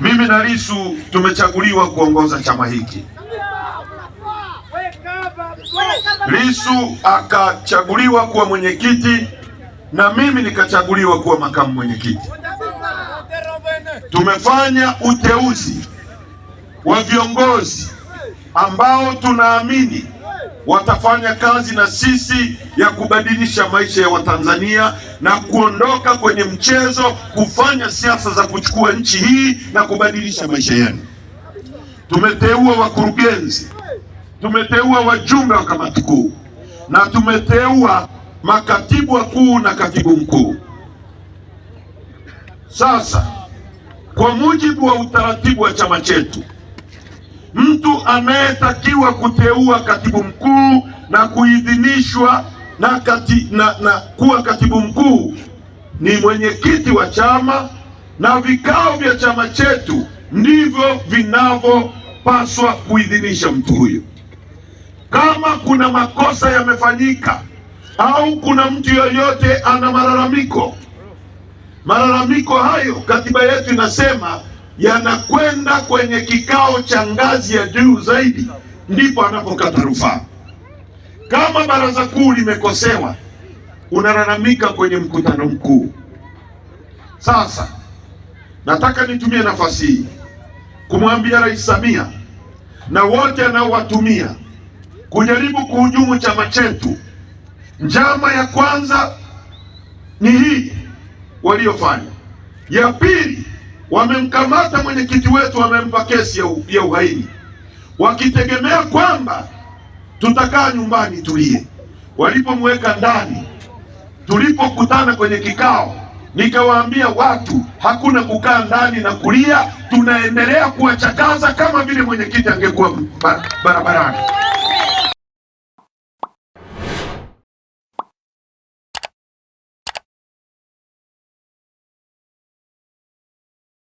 Mimi na Lissu tumechaguliwa kuongoza chama hiki. Lissu akachaguliwa kuwa mwenyekiti na mimi nikachaguliwa kuwa makamu mwenyekiti. Tumefanya uteuzi wa viongozi ambao tunaamini watafanya kazi na sisi ya kubadilisha maisha ya Watanzania na kuondoka kwenye mchezo, kufanya siasa za kuchukua nchi hii na kubadilisha maisha yenu. Tumeteua wakurugenzi, tumeteua wajumbe wa kamati kuu na tumeteua makatibu wakuu na katibu mkuu. Sasa, kwa mujibu wa utaratibu wa chama chetu mtu anayetakiwa kuteua katibu mkuu na kuidhinishwa na, kati, na, na kuwa katibu mkuu ni mwenyekiti wa chama na vikao vya chama chetu ndivyo vinavyopaswa kuidhinisha mtu huyo. Kama kuna makosa yamefanyika au kuna mtu yoyote ana malalamiko, malalamiko hayo katiba yetu inasema yanakwenda kwenye kikao cha ngazi ya juu zaidi, ndipo anapokata rufaa. Kama baraza kuu limekosewa, unalalamika kwenye mkutano mkuu. Sasa nataka nitumie nafasi hii kumwambia Rais Samia na wote anaowatumia kujaribu kuhujumu chama chetu. Njama ya kwanza ni hii waliofanya, ya pili wamemkamata mwenyekiti wetu, wamempa kesi ya uhaini wakitegemea kwamba tutakaa nyumbani tulie. Walipomweka ndani, tulipokutana kwenye kikao, nikawaambia watu, hakuna kukaa ndani na kulia, tunaendelea kuwachakaza kama vile mwenyekiti angekuwa barabarani.